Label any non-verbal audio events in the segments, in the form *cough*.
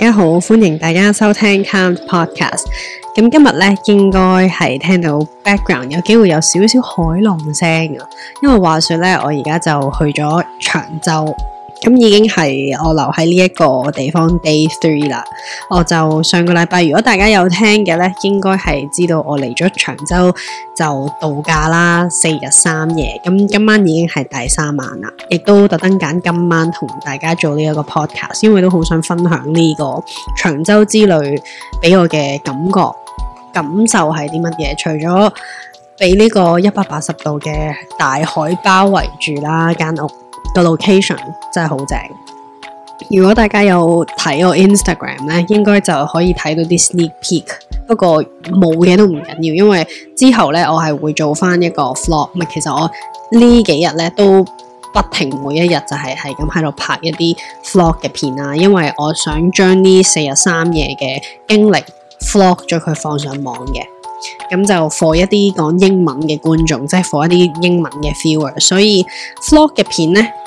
大家好，歡迎大家收聽 Calmed Club。咁今日呢，應該係聽到 background，有機會有少少海浪聲。因為話說呢，我而家就去咗長洲。咁已經係我留喺呢一個地方 day three 啦，我就上個禮拜如果大家有聽嘅呢，應該係知道我嚟咗長洲就度假啦四日三夜，咁今晚已經係第三晚啦，亦都特登揀今晚同大家做呢一個 podcast，因為都好想分享呢個長洲之旅俾我嘅感覺感受係啲乜嘢，除咗俾呢個一百八十度嘅大海包圍住啦，間屋。個 location 真係好正。如果大家有睇我 Instagram 咧，應該就可以睇到啲 sneak peek。不過冇嘢都唔緊要，因為之後咧我係會做翻一個 vlog。唔係，其實我呢幾日咧都不停，每一日就係係咁喺度拍一啲 vlog 嘅片啊。因為我想將呢四日三夜嘅經歷 vlog 咗佢放上網嘅。咁就 for 一啲講英文嘅觀眾，即係 for 一啲英文嘅 viewer。所以 vlog 嘅片咧～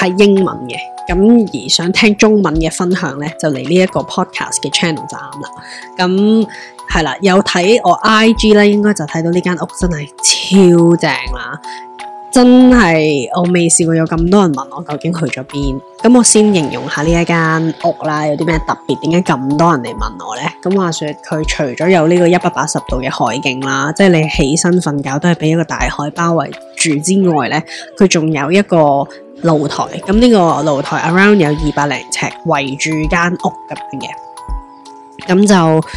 係英文嘅，咁而想聽中文嘅分享呢，就嚟呢一個 podcast 嘅 channel 就啱啦。咁係啦，有睇我 IG 咧，應該就睇到呢間屋真係超正啦！真係我未試過有咁多人問我究竟去咗邊。咁我先形容下呢一間屋啦，有啲咩特別？點解咁多人嚟問我呢？咁話說佢除咗有呢個一百八十度嘅海景啦，即係你起身瞓覺都係俾一個大海包圍住之外呢，佢仲有一個。露台，咁呢個露台 around 有二百零尺圍住間屋咁樣嘅，咁就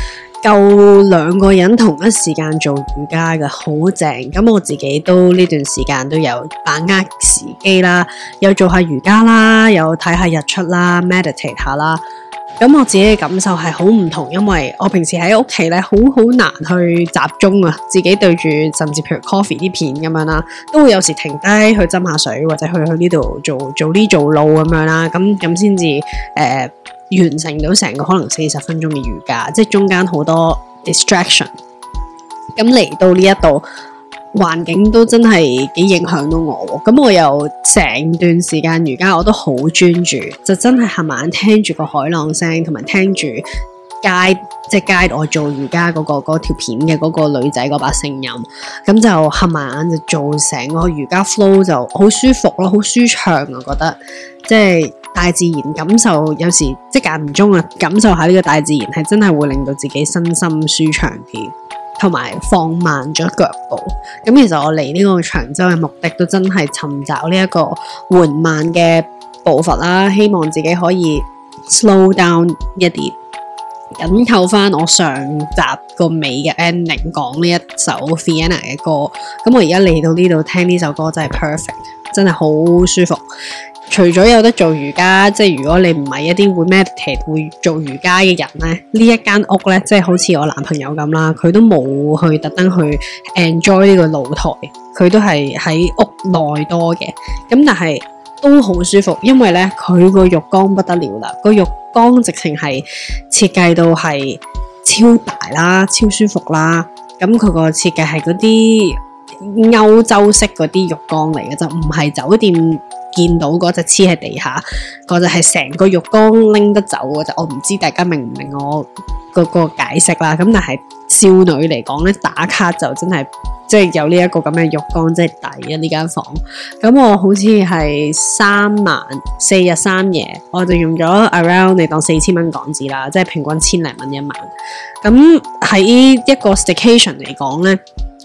夠兩個人同一時間做瑜伽嘅，好正！咁我自己都呢段時間都有把握時機啦，有做下瑜伽啦，有睇下日出啦，meditate 下啦。咁我自己嘅感受係好唔同，因為我平時喺屋企咧，好好難去集中啊，自己對住甚至譬如 coffee 啲片咁樣啦，都會有時停低去斟下水，或者去去呢度做做呢做嗰咁樣啦，咁咁先至誒完成到成個可能四十分鐘嘅瑜伽，即係中間好多 distraction。咁嚟到呢一度。環境都真係幾影響到我，咁我又成段時間瑜伽我都好專注，就真係合埋眼聽住個海浪聲，同埋聽住街即係 guide 我做瑜伽嗰個嗰條片嘅嗰個女仔嗰把聲音，咁就合埋眼就做成個瑜伽 flow 就好舒服咯，好舒暢，我覺得即係、就是、大自然感受，有時即係間唔中啊，感受下呢個大自然係真係會令到自己身心舒暢啲。同埋放慢咗腳步，咁其實我嚟呢個長洲嘅目的都真係尋找呢一個緩慢嘅步伐啦，希望自己可以 slow down 一啲，緊扣翻我上集個尾嘅 ending，講呢一首 Fiona 嘅歌，咁我而家嚟到呢度聽呢首歌真係 perfect，真係好舒服。除咗有得做瑜伽，即係如果你唔係一啲會 meditate 會做瑜伽嘅人呢，呢一間屋呢，即係好似我男朋友咁啦，佢都冇去特登去 enjoy 呢個露台，佢都係喺屋內多嘅。咁但係都好舒服，因為呢，佢個浴缸不得了啦，個浴缸直情係設計到係超大啦、超舒服啦。咁佢個設計係嗰啲。歐洲式嗰啲浴缸嚟嘅，就唔係酒店見到嗰隻黐喺地下，嗰隻係成個浴缸拎得走嘅啫。我唔知大家明唔明我個、個解釋啦。咁但係少女嚟講咧，打卡就真係即係有呢一個咁嘅浴缸，即係抵啊呢間房。咁我好似係三晚四日三夜，我就用咗 around 你當四千蚊港紙啦，即係平均千零蚊一晚。咁喺一個 staycation 嚟講咧。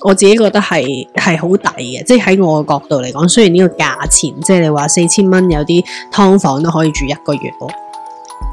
我自己覺得係係好抵嘅，即喺我嘅角度嚟講，雖然呢個價錢，即你話四千蚊有啲劏房都可以住一個月咯，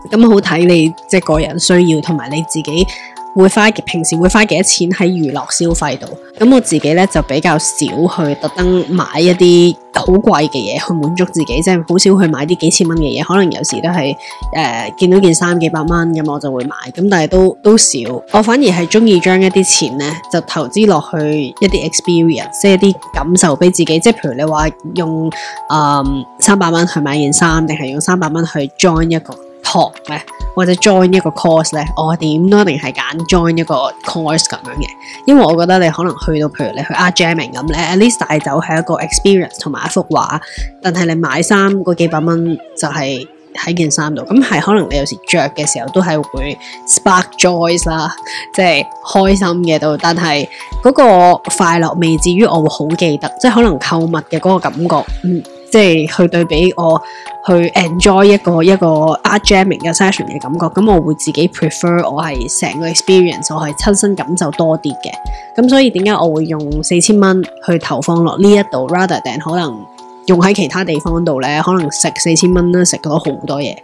咁好睇你即係個人需要同埋你自己。會花平時會花幾多錢喺娛樂消費度？咁我自己咧就比較少去特登買一啲好貴嘅嘢去滿足自己，即係好少去買啲幾千蚊嘅嘢。可能有時都係誒、呃、見到件衫幾百蚊咁，我就會買。咁但係都都少。我反而係鍾意將一啲錢咧就投資落去一啲 experience，即係一啲感受俾自己。即係譬如你話用誒三百蚊去買件衫，定係用三百蚊去 join 一個學咧，或者 join 一個 course 咧，我點都一定係揀 join 一個 course 咁樣嘅。因為我覺得你可能去到，譬如你去 art jamming 咁咧，at least 帶走係一個 experience 同埋一幅畫。但係你買衫嗰幾百蚊就係喺件衫度。咁係可能你有時着嘅時候都係會 spark joys 啦，即係開心嘅度。但係嗰個快樂未至於我會好記得，即係可能購物嘅嗰個感覺，嗯。即係去對比我去 enjoy 一個一個 art jamming 嘅 session 嘅感覺，咁我會自己 prefer 我係成個 experience，我係親身感受多啲嘅。咁所以點解我會用四千蚊去投放落呢一度，rather than 可能用喺其他地方度咧，可能食四千蚊啦，食咗好多嘢。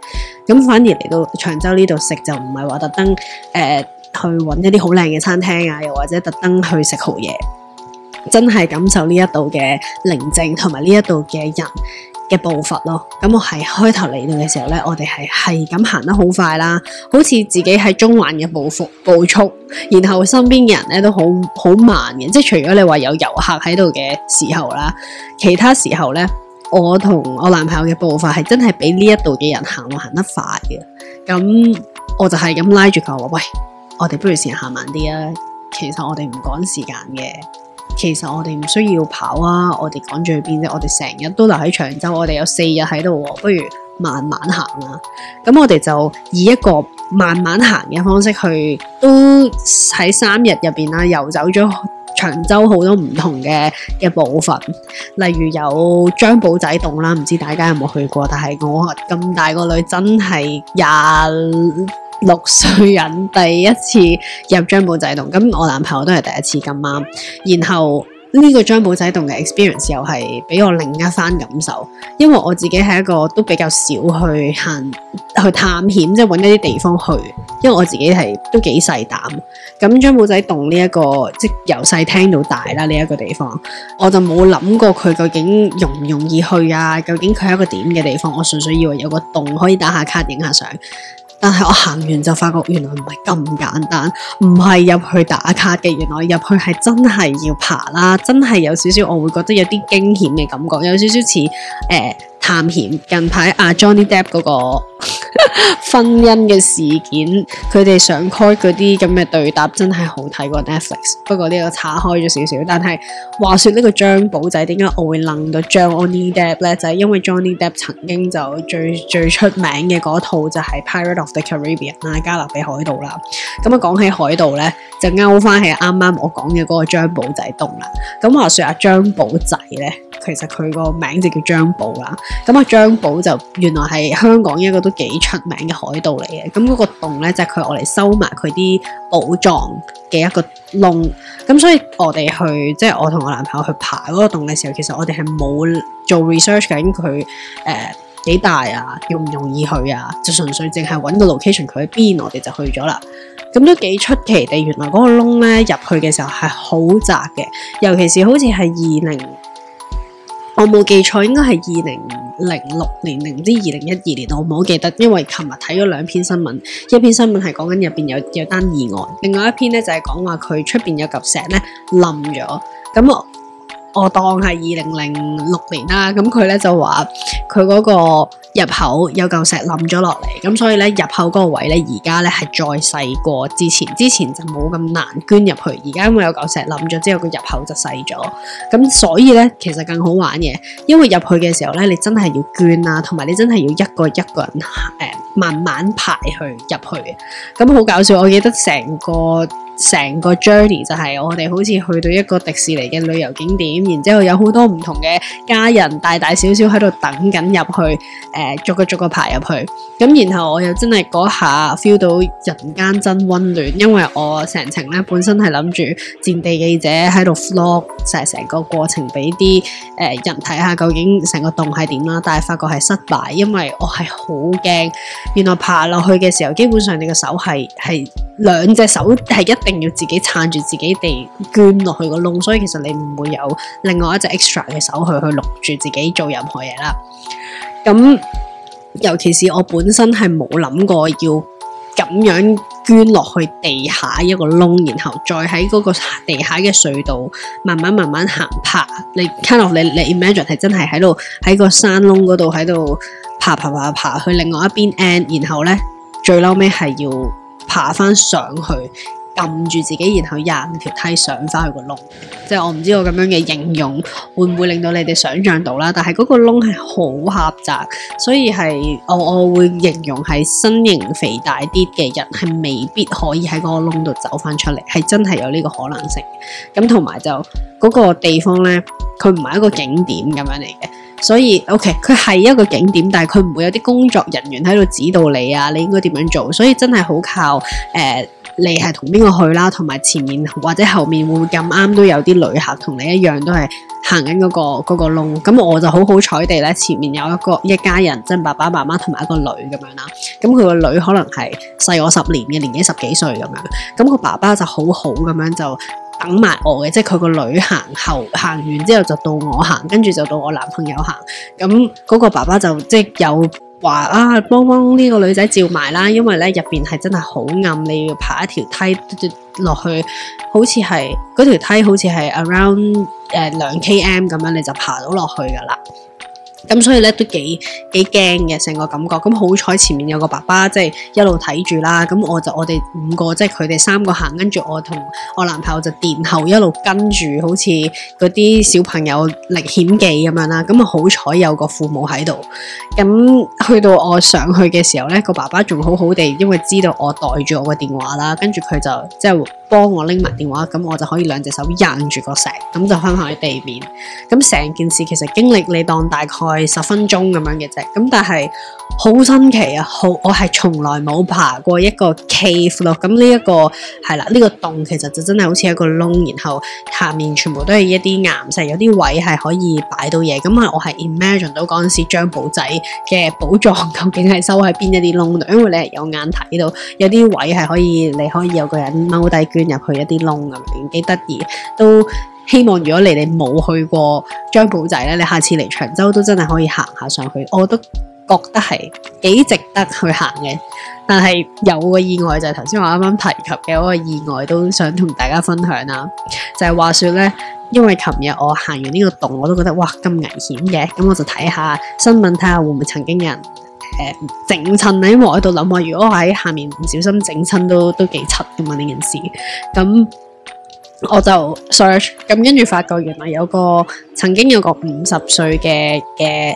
咁反而嚟到長洲呢度食就唔係話特登誒、呃、去揾一啲好靚嘅餐廳啊，又或者特登去食好嘢。真係感受呢一度嘅寧靜，同埋呢一度嘅人嘅步伐咯。咁我係開頭嚟到嘅時候咧，我哋係係咁行得好快啦，好似自己喺中環嘅步速步速。然後身邊嘅人咧都好好慢嘅，即係除咗你話有遊客喺度嘅時候啦，其他時候咧，我同我男朋友嘅步伐係真係比呢一度嘅人行路行得快嘅。咁我就係咁拉住佢話：喂，我哋不如先行慢啲啊。其實我哋唔趕時間嘅。其實我哋唔需要跑啊，我哋趕住去邊啫？我哋成日都留喺長洲，我哋有四日喺度，不如慢慢行啊！咁我哋就以一個慢慢行嘅方式去，都喺三日入邊啦，遊走咗長洲好多唔同嘅一部分，例如有張保仔洞啦，唔知大家有冇去過？但係我咁大個女真係廿。六歲人第一次入張保仔洞，咁我男朋友都係第一次咁啱。然後呢個張保仔洞嘅 experience 又係俾我另一番感受，因為我自己係一個都比較少去行去探險，即係揾一啲地方去，因為我自己係都幾細膽。咁張保仔洞呢、這、一個即由細聽到大啦，呢一個地方我就冇諗過佢究竟容唔容易去啊？究竟佢係一個點嘅地方？我純粹以為有個洞可以打下卡影下相。但係我行完就發覺原來唔係咁簡單，唔係入去打卡嘅，原來入去係真係要爬啦，真係有少少我會覺得有啲驚險嘅感覺，有少少似、呃、探險。近排阿、啊、Johnny Depp 嗰個。 *laughs* 婚姻嘅事件，佢哋想開嗰啲咁嘅對答真係好睇過 Netflix，不過呢個岔開咗少少。但係話說呢個張保仔，點解我會楞到 Johnny Depp 咧？就係、是、因為 Johnny Depp 曾經就最最出名嘅嗰套就係《Pirate of the Caribbean》啦，《加勒比海盜》啦、嗯。咁啊講起海盜咧，就勾翻起啱啱我講嘅嗰個張保仔洞啦。咁、嗯、話說阿張保仔咧，其實佢個名就叫張保啦。咁、嗯、啊張保就原來係香港一個都幾出名嘅海盜嚟嘅，咁嗰個洞咧就係佢攞嚟收埋佢啲寶藏嘅一個窿，咁所以我哋去即係我同我男朋友去爬嗰個洞嘅時候，其實我哋係冇做 research 緊佢誒幾大啊，容唔容易去啊，就純粹淨係揾個 location 佢喺邊，我哋就去咗啦。咁都幾出奇地，原來嗰個窿咧入去嘅時候係好窄嘅，尤其是好似係二零。我冇記錯，應該係二零零六年，定唔知二零一二年，我唔太記得。因為琴日睇咗兩篇新聞，一篇新聞係講緊入邊有有一單意外，另外一篇咧就係講話佢出邊有嚿石咧冧咗。咁我。我當係二零零六年啦，咁佢咧就話佢嗰個入口有嚿石冧咗落嚟，咁所以咧入口嗰個位咧而家咧係再細過之前，之前就冇咁難捐入去，而家因為有嚿石冧咗之後，個入口就細咗，咁所以咧其實更好玩嘅，因為入去嘅時候咧你真係要捐啊，同埋你真係要一個一個人誒、呃、慢慢排去入去，咁好搞笑，我記得成個。成個 journey 就係我哋好似去到一個迪士尼嘅旅遊景點，然之後有好多唔同嘅家人，大大小小喺度等緊入去，誒、呃、逐個逐個爬入去。咁然後我又真係嗰下 feel 到人間真溫暖，因為我成程咧本身係諗住戰地記者喺度 vlog 成成個過程俾啲誒人睇下究竟成個洞係點啦，但係發覺係失敗，因為我係好驚。原來爬落去嘅時候，基本上你個手係係。兩隻手係一定要自己撐住自己地捐落去個窿，所以其實你唔會有另外一隻 extra 嘅手去去攞住自己做任何嘢啦。咁尤其是我本身係冇諗過要咁樣捐落去地下一個窿，然後再喺嗰個地下嘅隧道慢慢慢慢行爬。你睇落 kind of，你你 imagine 係真係喺度喺個山窿嗰度喺度爬爬爬爬，爬去另外一邊 end，然後咧最嬲尾係要。爬翻上去，撳住自己，然後廿五條梯上翻去個窿，即係我唔知道我咁樣嘅形容會唔會令到你哋想象到啦。但係嗰個窿係好狹窄，所以係我我會形容係身形肥大啲嘅人係未必可以喺嗰個窿度走翻出嚟，係真係有呢個可能性。咁同埋就嗰個地方呢，佢唔係一個景點咁樣嚟嘅。所以 OK，佢係一個景點，但係佢唔會有啲工作人員喺度指導你啊，你應該點樣做。所以真係好靠、呃、你係同邊個去啦？同埋前面或者後面會唔會咁啱都有啲旅客同你一樣都係行緊嗰個嗰、嗰個窿？咁我就好好彩地咧，前面有一個一家人，即係爸爸媽媽同埋一個女咁樣啦。咁佢個女可能係細我十年嘅年紀，十幾歲咁樣。咁個爸爸就好好咁樣就。等埋我嘅，即係佢個女行後行完之後就到我行，跟住就到我男朋友行。咁、嗯、嗰、嗰個爸爸就即係有話啊，幫幫呢個女仔照埋啦，因為咧入邊係真係好暗，你要爬一條梯落去，好似係嗰條梯好似係 around 誒、呃、兩 km 咁樣，你就爬到落去噶啦。咁、嗯、所以咧都幾幾驚嘅成個感覺，咁、嗯、好彩前面有個爸爸即係一路睇住啦，咁、嗯、我就我哋五個即係佢哋三個行，跟住我同我男朋友就殿後一路跟住，好似嗰啲小朋友歷險記咁樣啦，咁、嗯、啊好彩有個父母喺度，咁、嗯、去到我上去嘅時候呢，個爸爸仲好好地，因為知道我袋住我個電話啦，跟住佢就即係。幫我拎埋電話，咁我就可以兩隻手撐住個石，咁就翻落喺地面。咁成件事其實經歷你當大概十分鐘咁樣嘅啫。咁但係。好新奇啊！好，我係從來冇爬過一個 cave 咯。咁呢一個係啦，呢、這個洞其實就真係好似一個窿，然後下面全部都係一啲岩石，有啲位係可以擺到嘢。咁我係 imagine 到嗰陣時張寶仔嘅寶藏究竟係收喺邊一啲窿度，因為你係有眼睇到，有啲位係可以，你可以有個人踎低捐入去一啲窿咁樣，幾得意。都希望如果你哋冇去過張寶仔咧，你下次嚟長洲都真係可以行下上去。我覺得。覺得係幾值得去行嘅，但係有個意外就係頭先我啱啱提及嘅嗰個意外，都想同大家分享啦。就係、是、話說呢，因為琴日我行完呢個洞，我都覺得哇咁危險嘅，咁、嗯、我就睇下新聞，睇下會唔會曾經有人誒、呃、整親咧。因為我喺度諗話，如果我喺下面唔小心整親，都都幾七噶嘛呢件事。咁、嗯、我就 search，咁跟住發覺原來有、有、有個曾經有個五十歲嘅嘅。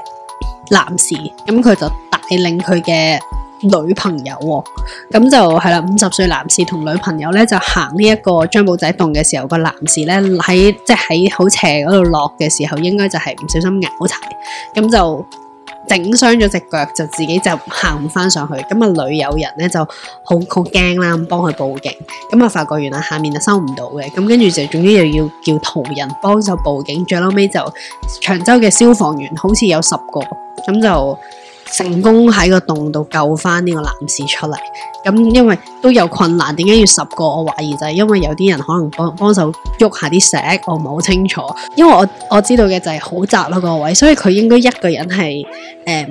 男士，咁佢就帶領佢嘅女朋友喎，咁就係啦，五十歲男士同女朋友咧就行呢一個張保仔洞嘅時候，個男士咧喺即係喺好斜嗰度落嘅時候，應該就係唔小心拗柴，咁就。整傷咗隻腳，就自己就行唔翻上去，咁啊，女友人咧就好好驚啦，咁幫佢報警，咁啊，發覺原來，下面就收唔到嘅，咁跟住就總之又要叫途人幫手報警，最嬲尾就長洲嘅消防員好似有十個，咁就。成功喺個洞度救翻呢個男士出嚟，咁因為都有困難，點解要十個？我懷疑就係因為有啲人可能幫幫手喐下啲石，我唔係好清楚。因為我我知道嘅就係好窄咯，啊，個位，所以佢應該一個人係誒，呃，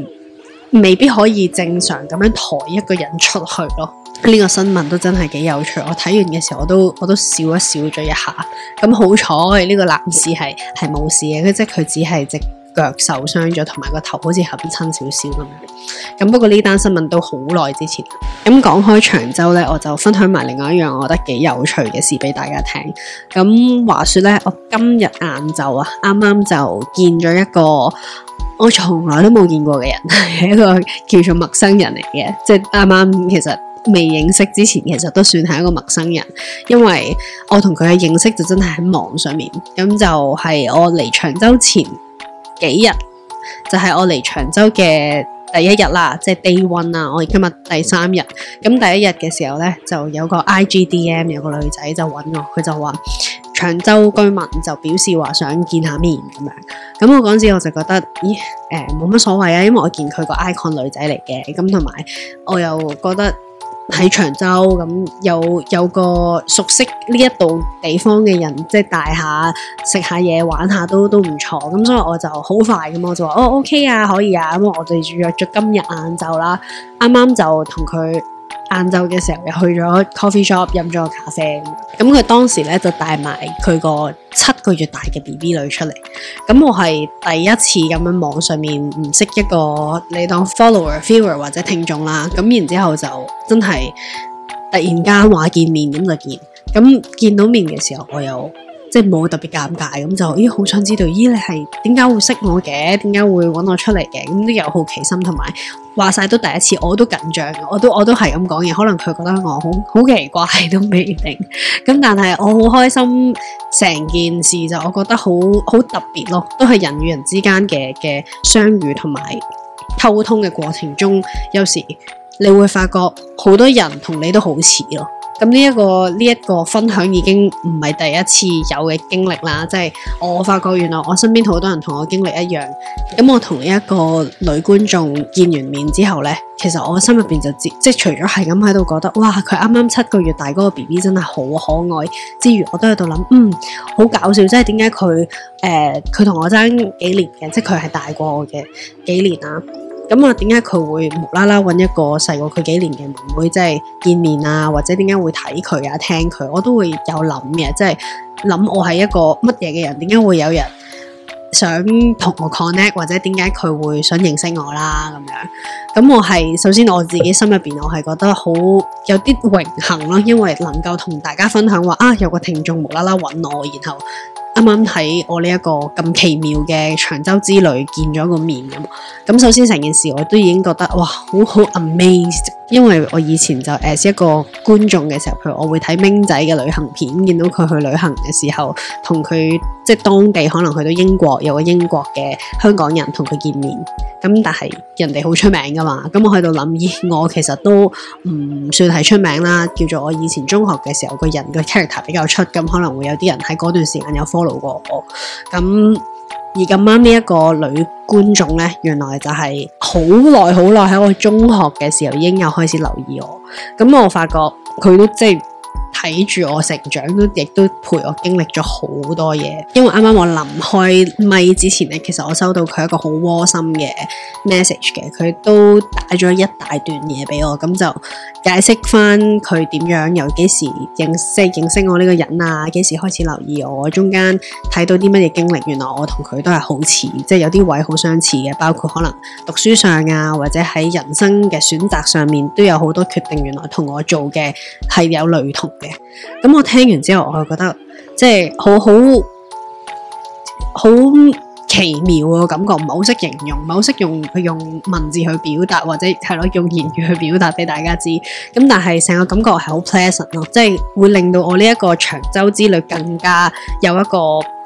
未必可以正常咁樣抬一個人出去咯。呢個新聞都真係幾有趣，我睇完嘅時候我都我都笑一笑咗一下。咁好彩，呢個男士係係冇事嘅，即係佢只係直。腳受傷咗，同埋個頭好似冚親少少咁。咁不過呢單新聞都好耐之前。咁講開長洲呢，我就分享埋另外一樣我覺得幾有趣嘅事俾大家聽。咁話說呢，我今日晏晝啊，啱啱就見咗一個我從來都冇見過嘅人，係 *laughs* 一個叫做陌生人嚟嘅，即係啱啱其實未認識之前，其實都算係一個陌生人，因為我同佢嘅認識就真係喺網上面。咁就係我嚟長洲前。幾日就係、是、我嚟長洲嘅第一日啦，即、就、係、是、day one 啦。我而今日第三日，咁第一日嘅時候呢，就有個 IGDM 有個女仔就搵我，佢就話長洲居民就表示話想見下面咁樣。咁我嗰陣時我就覺得，咦，誒、呃，冇乜所謂啊，因為我見佢個 icon 女仔嚟嘅，咁同埋我又覺得。喺長洲咁有有個熟悉呢一度地方嘅人，即係帶下食下嘢玩下都都唔錯，咁所以我就好快咁，我就話哦、oh, OK 啊，可以啊。咁我哋約咗今日晏晝啦。啱啱就同佢晏晝嘅時候又去咗 coffee shop 飲咗個咖啡。咁佢當時咧就帶埋佢個七。佢一個月大嘅 B B 女出嚟，咁我係第一次咁樣網上面唔識一個，你當 follower、viewer 或者聽眾啦，咁然之後就真係突然間話見面咁就見，咁見到面嘅時候我有。即係冇特別尷尬咁就，咦，好想知道，咦你係點解會識我嘅？點解會揾我出嚟嘅？咁都有好奇心同埋，話晒都第一次，我都緊張，我都我都係咁講嘢，可能佢覺得我好好奇怪都未定。咁但係我好開心，成件事就我覺得好好特別咯，都係人與人之間嘅嘅相遇同埋溝通嘅過程中，有時你會發覺好多人同你都好似咯。咁呢一個呢一、這個分享已經唔係第一次有嘅經歷啦，即係我發覺原來我身邊好多人同我經歷一樣。咁我同呢一個女觀眾見完面之後呢，其實我心入面就知道，即除咗係咁喺度覺得，哇，佢啱啱七個月大嗰個 B B 真係好可愛，之餘我都喺度諗，嗯，好搞笑，即係點解佢誒佢同我爭幾年嘅，即係佢係大過我嘅幾年啦、啊。咁啊，點解佢會無啦啦揾一個細過佢幾年嘅妹妹，即係見面啊，或者點解會睇佢啊、聽佢，我都會有諗嘅，即係諗我係一個乜嘢嘅人，點解會有人想同我 connect，或者點解佢會想認識我啦、啊、咁樣。咁我係首先我自己心入邊，我係覺得好有啲榮幸咯、啊，因為能夠同大家分享話啊，有個聽眾無啦啦揾我，然後。啱啱喺我呢一個咁奇妙嘅長洲之旅見咗個面咁，首先成件事我都已經覺得哇，好好 amaze，因為我以前就係一個觀眾嘅時候，譬如我會睇明仔嘅旅行片，見到佢去旅行嘅時候，同佢。即係當地可能去到英國，有個英國嘅香港人同佢見面。咁但係人哋好出名㗎嘛，咁我喺度諗，咦、欸，我其實都唔算係出名啦。叫做我以前中學嘅時候，個人嘅 character 比較出，咁可能會有啲人喺嗰段時間有 follow 過我。咁而咁啱呢一個女觀眾咧，原來就係好耐好耐喺我中學嘅時候已經有開始留意我。咁我發覺佢都即係。睇住我成長，都亦都陪我經歷咗好多嘢。因為啱啱我臨開咪之前咧，其實我收到佢一個好窩心嘅 message 嘅，佢都打咗一大段嘢俾我，咁就解釋翻佢點樣，由幾時認識認識我呢個人啊，幾時開始留意我，中間睇到啲乜嘢經歷，原來我同佢都係好似，即係有啲位好相似嘅，包括可能讀書上啊，或者喺人生嘅選擇上面都有好多決定，原來同我做嘅係有類同嘅。咁我聽完之後，我就覺得即係好好好奇妙嘅感覺，唔係好識形容，唔係好識用用,用文字去表達，或者係咯用言語去表達俾大家知。咁但係成個感覺係好 pleasant 咯，即係會令到我呢一個長洲之旅更加有一個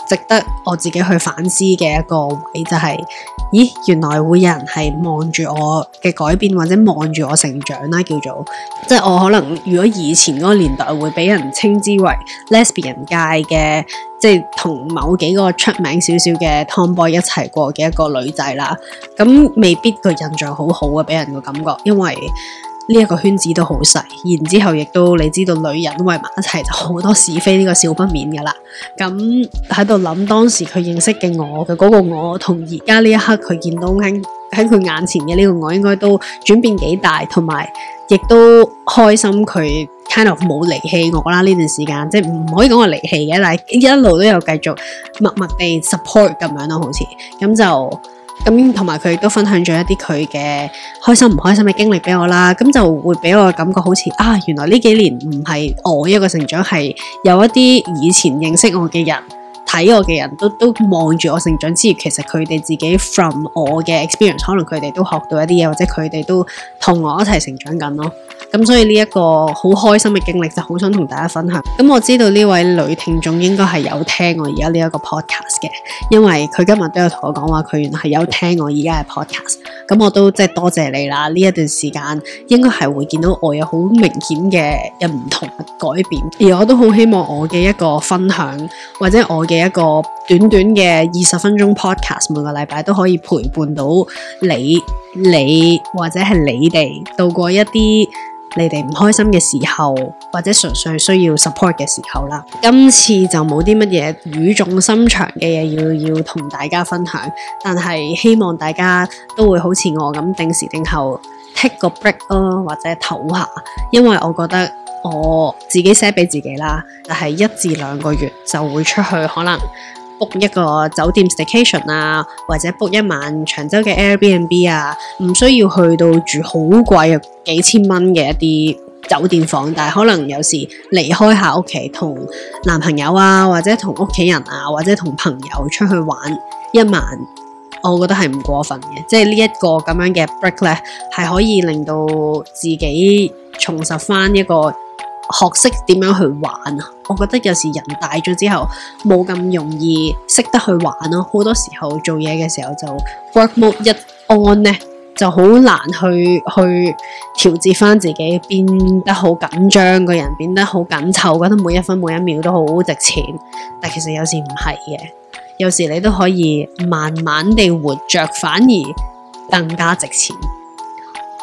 值得我自己去反思嘅一個位，就係、是。咦，原來會有人係望住我嘅改變，或者望住我成長啦，叫做即係我可能如果以前嗰個年代會俾人稱之為 lesbian 界嘅，即係同某幾個出名少少嘅 Tomboy 一齊過嘅一個女仔啦，咁未必佢印象好好嘅俾人個感覺，因為，呢一個圈子都好細，然之後亦都你知道女人都圍埋一齊就好多是非，呢、這個少不免噶啦。咁喺度諗當時佢認識嘅我嘅嗰個我，同而家呢一刻佢見到喺喺佢眼前嘅呢個我，應該都轉變幾大，同埋亦都開心佢 kind of 冇離棄我啦。呢段時間即係唔可以講話離棄嘅，但係一路都有繼續默默地 support 咁樣咯，好似咁就。咁同埋佢亦都分享咗一啲佢嘅開心唔開心嘅經歷俾我啦，咁就會俾我嘅感覺好似啊，原來呢幾年唔係我一個成長，係有一啲以前認識我嘅人。睇我嘅人都都望住我成長之餘，其實佢哋自己 from 我嘅 experience，可能佢哋都學到一啲嘢，或者佢哋都同我一齊成長緊咯。咁、嗯、所以呢一個好開心嘅經歷就好想同大家分享。咁、嗯、我知道呢位女聽眾應該係有聽我而家呢一個 podcast 嘅，因為佢今日都有同我講話，佢原來係有聽我而家嘅 podcast、嗯。咁我都即係多謝你啦。呢一段時間應該係會見到我有好明顯嘅有唔同嘅改變，而我都好希望我嘅一個分享或者我嘅一個短短嘅二十分鐘 podcast，每個禮拜都可以陪伴到你，你或者係你哋度過一啲你哋唔開心嘅時候，或者純粹需要 support 嘅時候啦。今次就冇啲乜嘢語重心長嘅嘢要要同大家分享，但係希望大家都會好似我咁定時定候 take 個 break 咯，或者唞下，因為我覺得。我自己寫俾自己啦，但係一至兩個月就會出去，可能 book 一個酒店 staycation 啊，或者 book 一晚長洲嘅 Airbnb 啊，唔需要去到住好貴嘅幾千蚊嘅一啲酒店房，但係可能有時離開下屋企，同男朋友啊，或者同屋企人啊，或者同朋友出去玩一晚，我覺得係唔過分嘅，即係呢一個咁樣嘅 break 咧，係可以令到自己重拾翻一個。學識點樣去玩啊！我覺得有時人大咗之後冇咁容易識得去玩咯，好多時候做嘢嘅時候就 work mode 一安咧就好難去去調節翻自己，變得好緊張，個人變得好緊湊，覺得每一分每一秒都好值錢。但其實有時唔係嘅，有時你都可以慢慢地活着，反而更加值錢。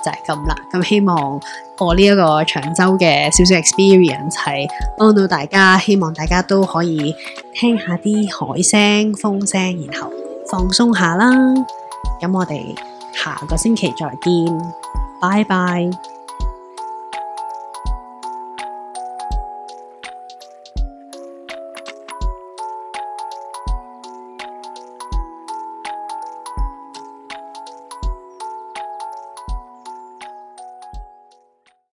就係咁啦，咁希望。我呢個長洲嘅少少 experience 係幫到大家，希望大家都可以聽下啲海聲、風聲，然後放鬆下啦。咁我哋下個星期再見，拜拜。